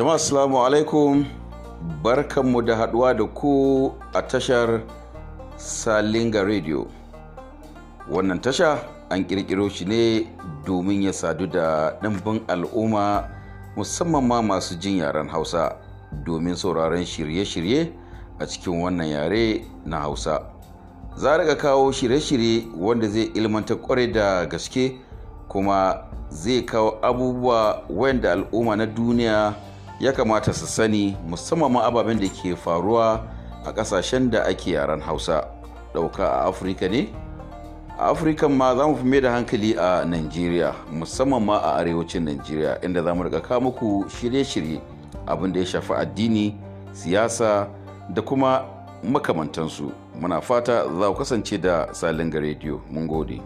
jama'a asalamu alaikum barkanmu da haduwa da ku a tashar salinga radio wannan tasha an kirkiro shi ne domin ya sadu da ɗimbin al'umma musamman ma masu jin yaren hausa domin sauraron shirye-shirye a cikin wannan yare na hausa za a kawo shirye-shirye wanda zai ilmanta kwarai da gaske kuma zai kawo abubuwa wanda al'umma na duniya ya kamata su sani musamman ababen da ke faruwa a kasashen da ake yaren hausa ɗauka a afirka ne a afirka ma za mu fi mai da hankali a nigeria musamman ma a arewacin nigeria inda za mu riga muku shirye-shirye abin da ya shafi addini siyasa da kuma makamantansu muna fata za ku kasance da salinga rediyo mun gode.